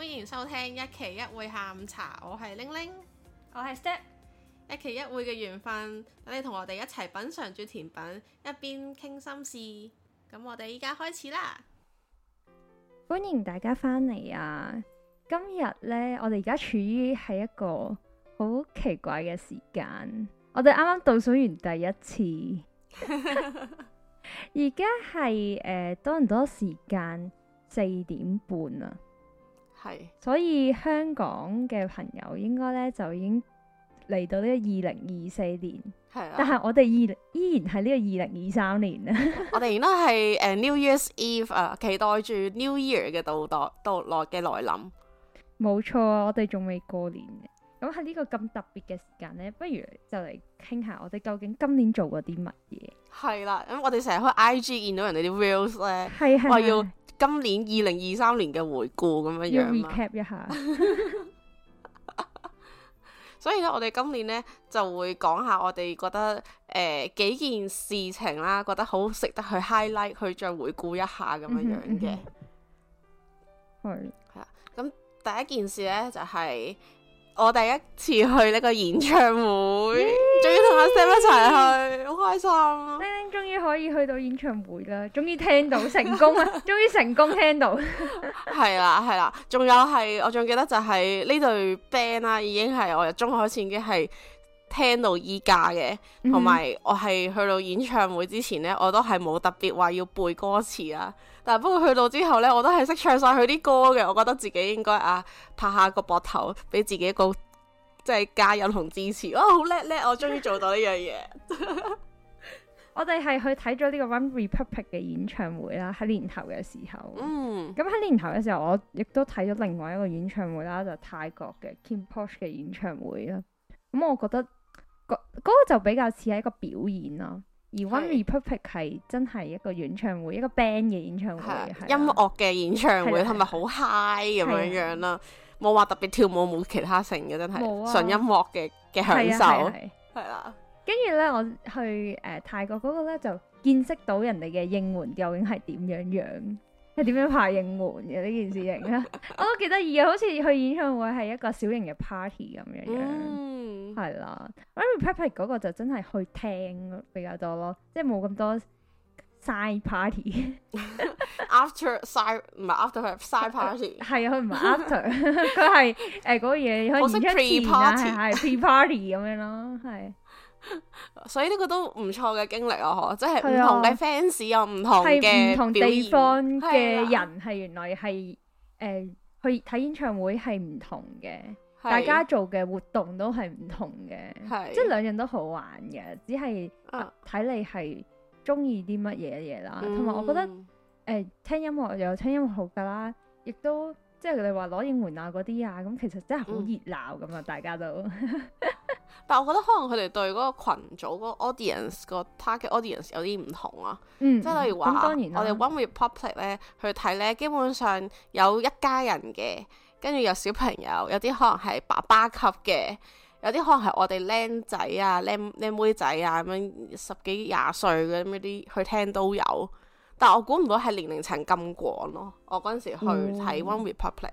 歡迎收聽一期一會下午茶，我係玲玲，我係 Step，一期一會嘅緣分，等你同我哋一齊品嘗住甜品，一邊傾心事。咁我哋依家開始啦，歡迎大家翻嚟啊！今日呢，我哋而家處於係一個好奇怪嘅時間，我哋啱啱倒數完第一次，而家係誒多唔多時間？四點半啊！係，是所以香港嘅朋友應該咧就已經嚟到呢個、啊、二零二四年，係 啊，但係我哋依依然係呢個二零二三年啊。我哋而家係誒 New Year's Eve 啊，期待住 New Year 嘅到,到來到來嘅來臨。冇錯啊，我哋仲未過年嘅。咁喺呢個咁特別嘅時間咧，不如就嚟傾下我哋究竟今年做過啲乜嘢？係啦、啊，咁我哋成日開 IG 見到人哋啲 reels 咧，我、啊、要。今年二零二三年嘅回顧咁樣樣嘛，要 recap 一下。 所以呢，我哋今年呢，就會講下我哋覺得誒、呃、幾件事情啦，覺得好值得去 highlight 去再回顧一下咁、嗯、哼樣樣嘅。係係咁，第一件事呢，就係、是。我第一次去呢個演唱會，終於同阿 Sam 一齊去，好耶開心，啊。玲玲終於可以去到演唱會啦，終於聽到成功啊，終於 成功聽到。係啦係啦，仲有係我仲記得就係呢對 band 啦，啊，已經係我中學開始已經係。聽到依家嘅，同埋我係去到演唱會之前呢，我都係冇特別話要背歌詞啦、啊。但不過去到之後呢，我都係識唱晒佢啲歌嘅。我覺得自己應該啊，拍下個膊頭，俾自己一個即係加油同支持。哦，好叻叻！我終於做到呢樣嘢。我哋係去睇咗呢個 One Republic 嘅演唱會啦，喺年頭嘅時候。嗯。咁喺年頭嘅時候，我亦都睇咗另外一個演唱會啦，就係、泰國嘅 Kim Posh 嘅演唱會啦。咁我覺得。嗰個就比較似係一個表演咯，而 OneRepublic 係真係一個演唱會，一個 band 嘅演唱會，係音樂嘅演唱會，係咪好 high 咁樣樣啦，冇話特別跳舞冇其他性嘅，真係純音樂嘅嘅享受，係啦。跟住呢，我去誒泰國嗰個呢就見識到人哋嘅應援究竟係點樣樣，係點樣派應援嘅呢件事情啦，我都幾得意嘅，好似去演唱會係一個小型嘅 party 咁樣樣。係啦，I remember 嗰個就真係去聽比較多咯，即係冇咁多 side party after side 唔係 after side party 係佢唔係 after，佢係誒嗰嘢可以 party，啊、pre party 咁 樣咯，係所以呢個都唔錯嘅經歷哦，即係唔同嘅 fans 有唔同嘅唔同地方嘅人係、啊、原來係誒、呃、去睇演唱會係唔同嘅。是大家做嘅活動都係唔同嘅，是即係兩樣都好玩嘅，只係睇、啊、你係中意啲乜嘢嘢啦。同埋、嗯、我覺得誒、呃，聽音樂又有聽音樂好噶啦，亦都即係你話攞應援啊嗰啲啊，咁其實真係好熱鬧咁啊！嗯、大家都， 但係我覺得可能佢哋對嗰個羣組嗰個 audience 個 target audience 有啲唔同啊。嗯、即係例如話我哋 OneRepublic 咧去睇咧，基本上有一家人嘅。跟住有小朋友，有啲可能係爸爸級嘅，有啲可能係我哋僆仔啊、僆妹仔啊咁樣十幾廿歲咁啲去聽都有，但我估唔到係年齡層咁廣咯。我嗰陣時去睇 One、嗯、One Republic，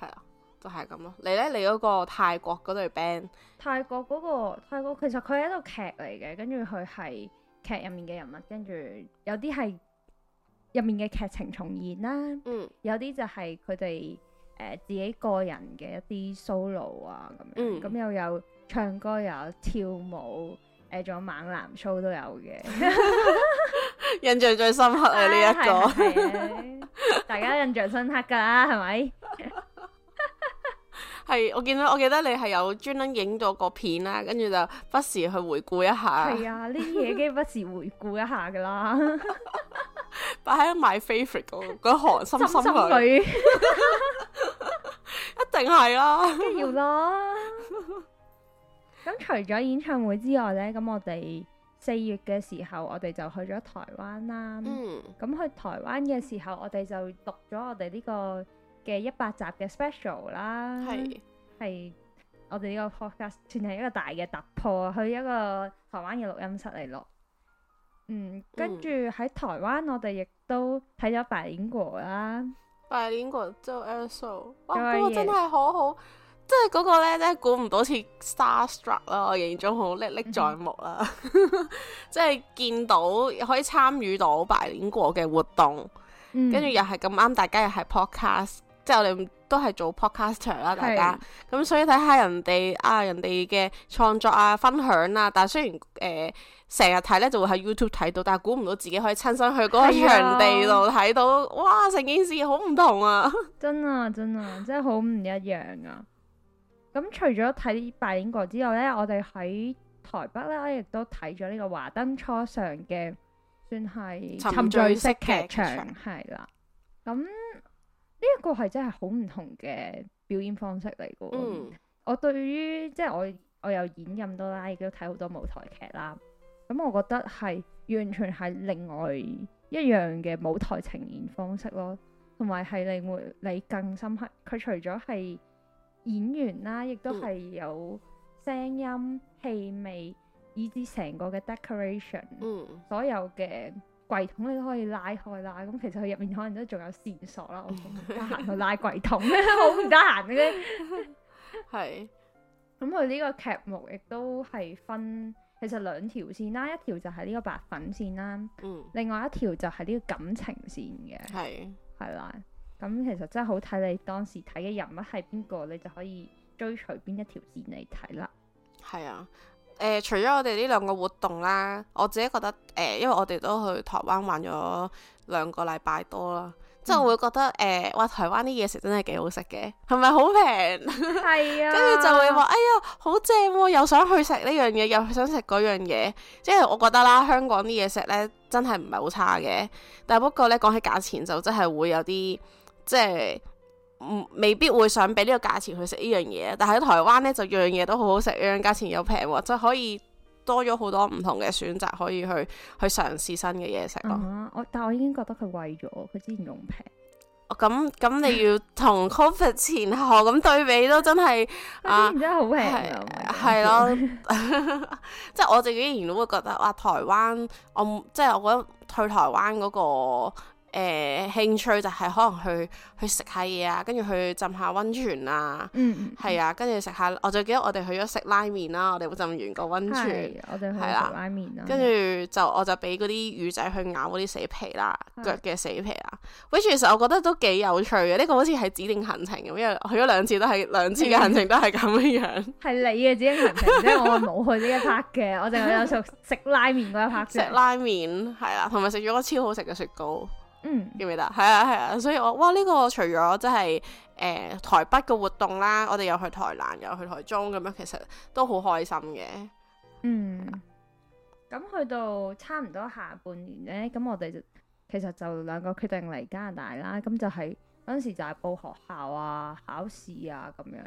係啊，都係咁咯。你咧你嗰個泰國嗰隊 band，泰國嗰、嗰個泰國其實佢係一個劇嚟嘅，跟住佢係劇入面嘅人物，跟住有啲係入面嘅劇情重現啦，嗯，有啲就係佢哋。誒，自己個人嘅一啲 solo 啊，咁樣，咁、嗯、又有唱歌，又有跳舞，誒，仲有猛男 show 都有嘅。 印象最深刻啊，呢、啊、一個，是是 大家印象深刻噶啦，係咪？係我見到，我記得你係有專登影咗個片啦，跟住就不時去回顧一下。係啊，呢啲嘢梗係不時回顧一下噶啦，擺喺 my favorite 嗰嗰韓深深定係啦，跟住要啦。咁 除咗演唱會之外呢，咁我哋四月嘅時候，我哋就去咗台灣啦。咁、嗯、去台灣嘅時候我我，是我哋就錄咗我哋呢個嘅一百集嘅 special 啦。係我哋呢個 podcast 算係一個大嘅突破，去一個台灣嘅錄音室嚟錄。嗯，跟住喺台灣，我哋亦都睇咗《白影國》啦。百年果就 airshow 哇！個真係好好，即係嗰個咧，咧估唔到似 Starstruck 咯，我印象好歷歷在目啦，即係、mm hmm. 見到可以參與到百年果嘅活動，跟住、mm hmm. 又係咁啱，大家又係 podcast。之我哋都係做 podcaster 啦、啊，大家咁是、嗯、所以睇下人哋啊，人哋嘅創作啊、分享啊，但係雖然誒成日睇呢，就會喺 YouTube 睇到，但係估唔到自己可以親身去嗰個場地度睇到，啊、哇！成件事好唔同啊，真啊真啊，真係好唔一樣啊！咁除咗睇《大英國》之外呢，我哋喺台北呢，我亦都睇咗呢個華燈初上嘅，算係沉醉式劇場係啦，咁。呢一個係真係好唔同嘅表演方式嚟噶，mm.，我對於即係我我又演咁多啦，亦都睇好多舞台劇啦。咁我覺得係完全係另外一樣嘅舞台呈現方式咯，同埋係令會你更深刻。佢除咗係演員啦，亦都係有聲音、氣味，以至成個嘅 decoration，mm. 所有嘅。櫃桶你都可以拉開啦，咁其實佢入面可能都仲有線索啦。我得閒去拉櫃桶，好唔得閒嘅啫。係。咁佢呢個劇目亦都係分其實兩條線啦，一條就係呢個白粉線啦，嗯，另外一條就係呢個感情線嘅。係。係啦。咁其實真係好睇你當時睇嘅人物係邊個，你就可以追隨邊一條線嚟睇啦。係啊。誒、呃，除咗我哋呢兩個活動啦，我自己覺得誒、呃，因為我哋都去台灣玩咗兩個禮拜多啦，即係、嗯、會覺得誒，哇、呃、台灣啲嘢食真係幾好食嘅，係咪好平？係啊，跟住 就會話哎呀，好正、啊，又想去食呢樣嘢，又想食嗰樣嘢，即係我覺得啦，香港啲嘢食呢真係唔係好差嘅，但係不過呢，講起價錢就真係會有啲即係。未必會想俾呢個價錢去食呢樣嘢，但喺台灣呢，就樣嘢都好好食，樣價錢又平喎，即係可以多咗好多唔同嘅選擇，可以去去嘗試新嘅嘢食咯、啊啊。但係我已經覺得佢貴咗，佢之前仲平。哦，咁咁你要同 COVID 前後咁對比都真係 啊，之前真係好平。係咯，即係 我自己仍然都會覺得哇，台灣，我即係、就是、我覺得去台灣嗰、個。誒、欸、興趣就係可能去去食下嘢啊，跟住去浸下溫泉啊，嗯，係啊，跟住食下我就記得我哋去咗食拉麵啦，我哋浸完個溫泉，我哋係啦拉麵啦，跟住、啊、就我就俾嗰啲魚仔去咬嗰啲死皮啦，的腳嘅死皮啦 which 其實我覺得都幾有趣嘅呢、呢個好似係指定行程咁，因為去咗兩次都係兩次嘅行程都係咁樣樣，係你嘅指定行程啫， 我冇去呢一拍嘅， 我淨係有食食拉麵嗰一拍啫，食拉麵係啦，同埋食咗個超好食嘅雪糕。嗯，記唔記得？係啊，係啊，所以我哇呢、這個除咗即係誒台北嘅活動啦，我哋又去台南，又去台中咁樣，其實都好開心嘅。嗯，咁、啊、去到差唔多下半年呢，咁我哋就其實就兩個決定嚟加拿大啦，咁就係嗰陣時就係報學校啊、考試啊咁樣，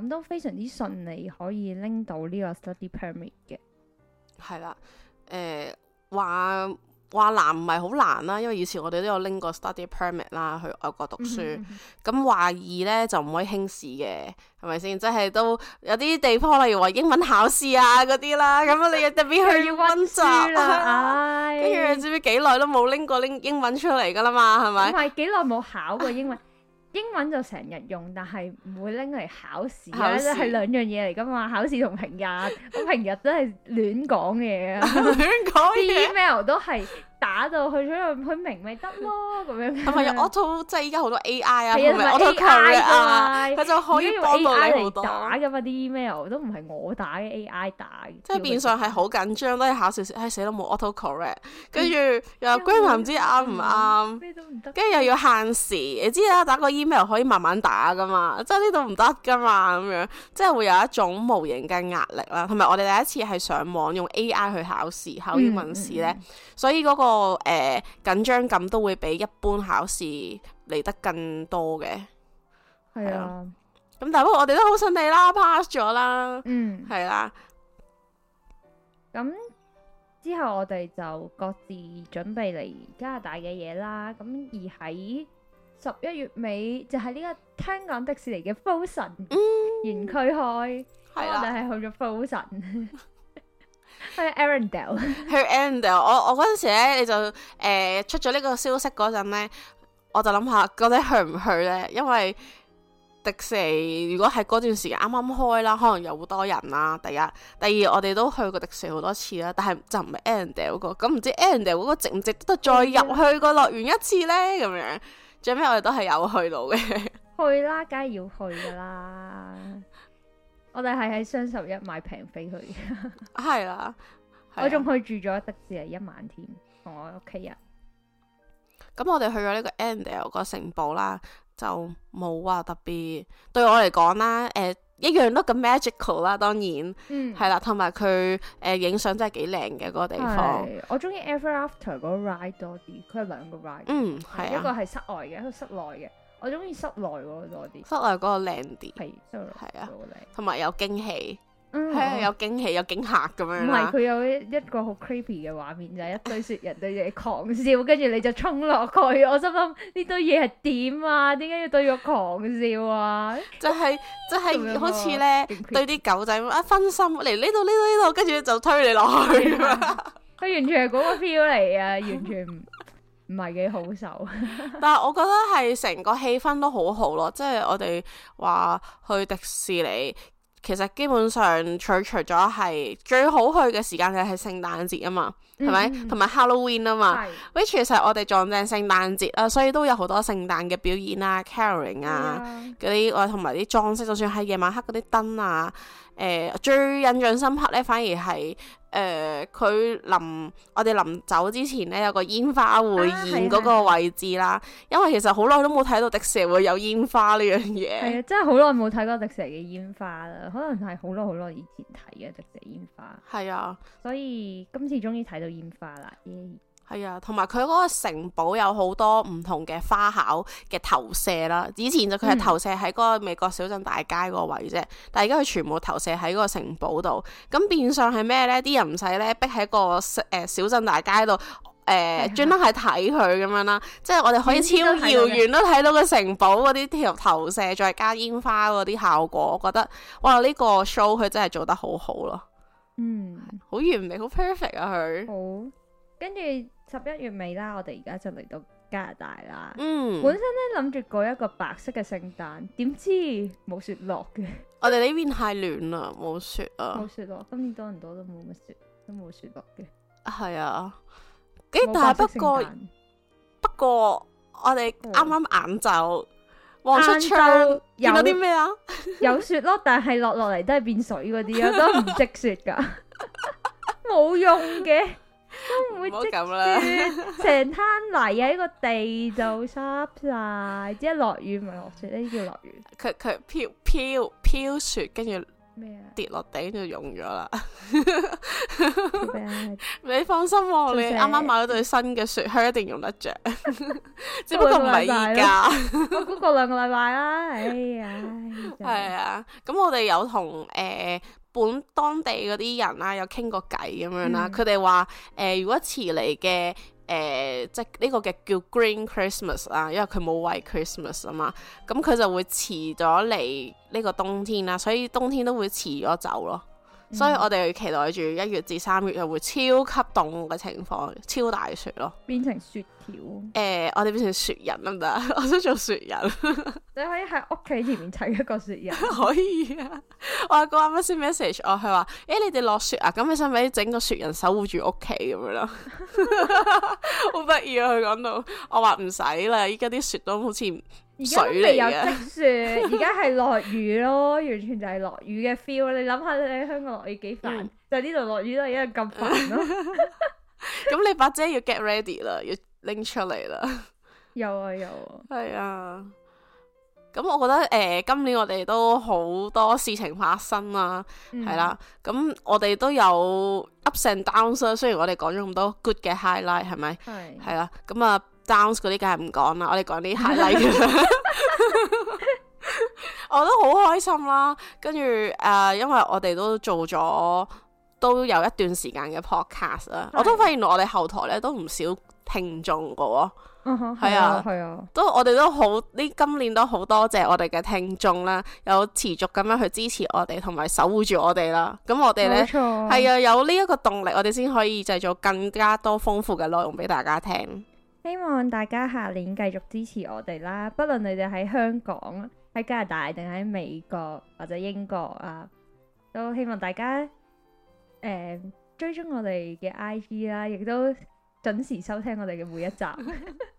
咁都非常之順利，可以拎到呢個 study permit 嘅。係啦、啊，誒、呃、話。話難唔係好難啦、啊，因為以前我哋都有拎過 study permit 啦，去外國讀書。咁話易咧就唔可以輕視嘅，係咪先？即、就、係、是、都有啲地方，例如話英文考試啊嗰啲啦，咁 啊你特別去溫習，跟住你知唔知幾耐都冇拎過拎英文出嚟噶啦嘛，係咪？唔係幾耐冇考過英文。 英文就成日用，但係唔會拎嚟考試。係試兩樣嘢嚟㗎嘛，考試同平日。 我平日都係亂講嘢啊，email 都係。打到去咗去明咪得咯，咁樣。唔係用 auto，即係依家好多 AI 啊，同埋 AI u 啊，佢就可以幫到你好多。打咁啊啲 email 都唔係我打嘅，AI 打嘅。即係變相係好緊張，都係考試。唉，死都冇 auto correct，跟住又 grammar 唔知啱唔啱，跟住又要限時，你知啦，打個 email 可以慢慢打噶嘛，即係呢度唔得噶嘛，咁樣即係會有一種無形嘅壓力啦。同埋我哋第一次係上網用 AI 去考試考英文試咧，所以嗰個誒緊張感都會比一般考試嚟得更多嘅，係啊。咁、啊、但不過我哋都好順利啦，pass 咗啦嗯、啊嗯。嗯，係啦。咁之後我哋就各自準備嚟加拿大嘅嘢啦。咁而喺十一月尾就係、是、呢個香港迪士尼嘅 Frozen 福神園區開，我哋係去咗福神 去 Arendelle 去 Arendelle 我我嗰陣時咧，你就誒、呃、出咗呢個消息嗰陣咧，我就諗下，到底去唔去咧？因為迪士尼如果喺嗰段時間啱啱開啦，可能有好多人啦。第一、第二，我哋都去過迪士尼好多次啦，但係就唔係《Arendelle 嗰個。咁唔知《Arendelle 嗰個值唔值得再入去個樂園一次咧？咁樣最尾我哋都係有去到嘅。去，去啦，梗係要去噶啦。我哋係喺雙十一買平飛去、 啊，係啦、啊，我仲去住咗迪士尼一晚添，同我屋企人。咁我哋去咗呢個 Andel 個城堡啦，就冇話特別，對我嚟講啦，誒、呃，一樣都咁 magical 啦，當然，嗯，係啦、啊，同埋佢誒影相真係幾靚嘅嗰個地方。啊、我中意 Ever After 嗰個 ride 多啲，佢有兩個 ride，嗯、啊啊啊，一個係室外嘅，一個室內嘅。我中意室內嗰個多啲，室內嗰個靚啲，係，係啊，同埋有驚喜，係、嗯、啊，有驚喜，有驚嚇咁樣。唔係佢有一一個好 creepy 嘅畫面就係、是、一堆雪人對住你狂笑，跟住你就衝落去。我心諗呢堆嘢係點啊？點解要對住我狂笑啊？就係、是、就係、是、好似咧對啲狗仔咁啊分心，嚟呢度呢度呢度，跟住就推你落去。佢 完全係嗰個 feel 嚟啊，完全。唔。唔係幾好受， 但係我覺得係成個氣氛都好好咯，即係我哋話去迪士尼，其實基本上取除咗係最好去嘅時間就係聖誕節啊嘛。係咪？同埋 Halloween 啊嘛是，which 其實我哋撞正聖誕節啊，所以都有好多聖誕嘅表演啊 caroling 啊，啲我同埋啲裝飾，就算喺夜晚黑啲燈啊。誒最印象深刻咧，反而係誒佢臨我哋臨走之前咧，有個煙花匯演個位置啦。因為其實好耐都冇睇到迪士尼會有煙花呢樣嘢。係啊，真係好耐冇睇過迪士尼嘅煙花啦，可能係好耐好耐以前睇嘅迪士尼煙花。係啊，所以今次終於睇到。煙花啦，係啊、嗯，同埋佢嗰個城堡有好多唔同嘅花巧嘅投射啦。以前就佢係投射喺嗰個美國小鎮大街個位啫，嗯、但係而家佢全部投射喺嗰個城堡度。咁變相係咩呢？啲人唔使咧，逼喺個誒小鎮大街度，誒、呃，專登係睇佢咁樣啦。即係我哋可以超遙遠都睇到個城堡嗰啲條投射，再加煙花嗰啲效果，我覺得哇！呢、呢個 show 佢真係做得好好咯。嗯，好、mm. 完美，好 perfect 啊！佢好跟住十一月尾啦，我哋而家就嚟到加拿大啦。嗯，mm. 本身咧諗住過一個白色嘅聖誕，點知冇雪落嘅。我哋呢邊太暖啦，冇雪啊，冇雪落。今年多唔多都冇乜雪，都冇雪落嘅。係啊，誒，但係不過不過，嗯、不過我哋啱啱晏晝。但就有啲咩啊？ 有雪咯，但係落落嚟都係變水嗰啲啊，都唔積雪噶，冇用嘅，都唔會積雪，成攤泥喺一個地就濕晒，即落 雨咪落雪呢啲，叫落雨，佢佢飄飄飄雪，跟住。跌落地就溶咗啦！你放心，啊，你啱啱買咗對新嘅雪靴，一定用得着， 只不過唔係而家，我估過兩個禮拜啦，啊哎。哎呀，係 啊，咁我哋有同誒、呃、本當地嗰啲人啦，啊，有傾過偈咁樣啦，啊，佢哋話誒如果遲嚟嘅，誒、呃，即係呢個嘅叫 Green Christmas 啊，因為佢冇 White Christmas 啊嘛，咁佢就會遲咗嚟呢個冬天啦，所以冬天都會遲咗走咯。所以我哋期待住一月至三月又會超級凍嘅情況，超大雪咯，變成雪條。誒、呃，我哋變成雪人得唔得？我想做雪人， 你可以喺屋企前面砌一個雪人。 可以啊！我阿哥啱先 message 我，佢、哦、話，誒、欸，你哋落雪啊，咁你使唔使整個雪人守護住屋企咁樣咯？好得意啊！佢講到，我話唔使啦，依家啲雪都好似水，家未有積雪，而家係落雨咯， 完全就係落雨嘅 feel。你諗下，你喺香港落雨幾煩？就呢度落雨都一樣咁煩咯。咁你把遮要 get ready 啦，要拎出嚟啦，啊。有啊有 啊，係、嗯、啊。咁、嗯、我覺得誒，今年我哋都好多事情發生啦，係啦。咁我哋都有 ups and downs，雖然我哋講咗咁多 good 嘅 highlight，係咪？係係啦。咁啊。嗯 Sounds 嗰啲梗係唔講啦，我哋講啲 highlight。我都好開心啦，跟住誒，因為我哋都做咗都有一段時間嘅 podcast 啦，是我都發現我哋後台咧都唔少聽眾㗎喎，係、嗯、哼啊，係啊，啊都我哋都好呢，今年都好多謝我哋嘅聽眾啦，有持續咁樣去支持我哋，同埋守護住我哋啦。咁我哋咧係啊，有呢一個動力，我哋先可以製造更加多豐富嘅內容俾大家聽。希望大家下年繼續支持我哋啦，不論你哋喺香港、喺加拿大定喺美國或者英國啊，都希望大家誒、呃、追蹤我哋嘅 IG 啦，亦都準時收聽我哋嘅每一集。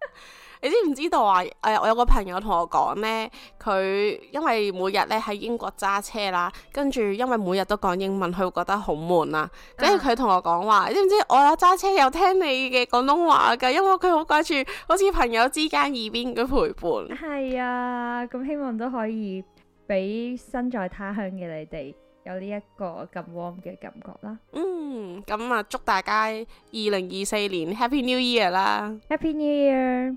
你知唔知道啊？誒、哎，我有個朋友同我講咧，佢因為每日咧喺英國揸車啦，跟住因為每日都講英文，佢會覺得好悶啊。嗯、跟住佢同我講話，你知唔知我有揸車又聽你嘅廣東話噶？因為佢好掛住，好似朋友之間耳邊嘅陪伴。係啊，咁希望都可以俾身在他鄉嘅你哋有呢一個咁 warm 嘅感覺啦。嗯，咁啊，祝大家二零二四年 Happy New Year 啦！Happy New Year！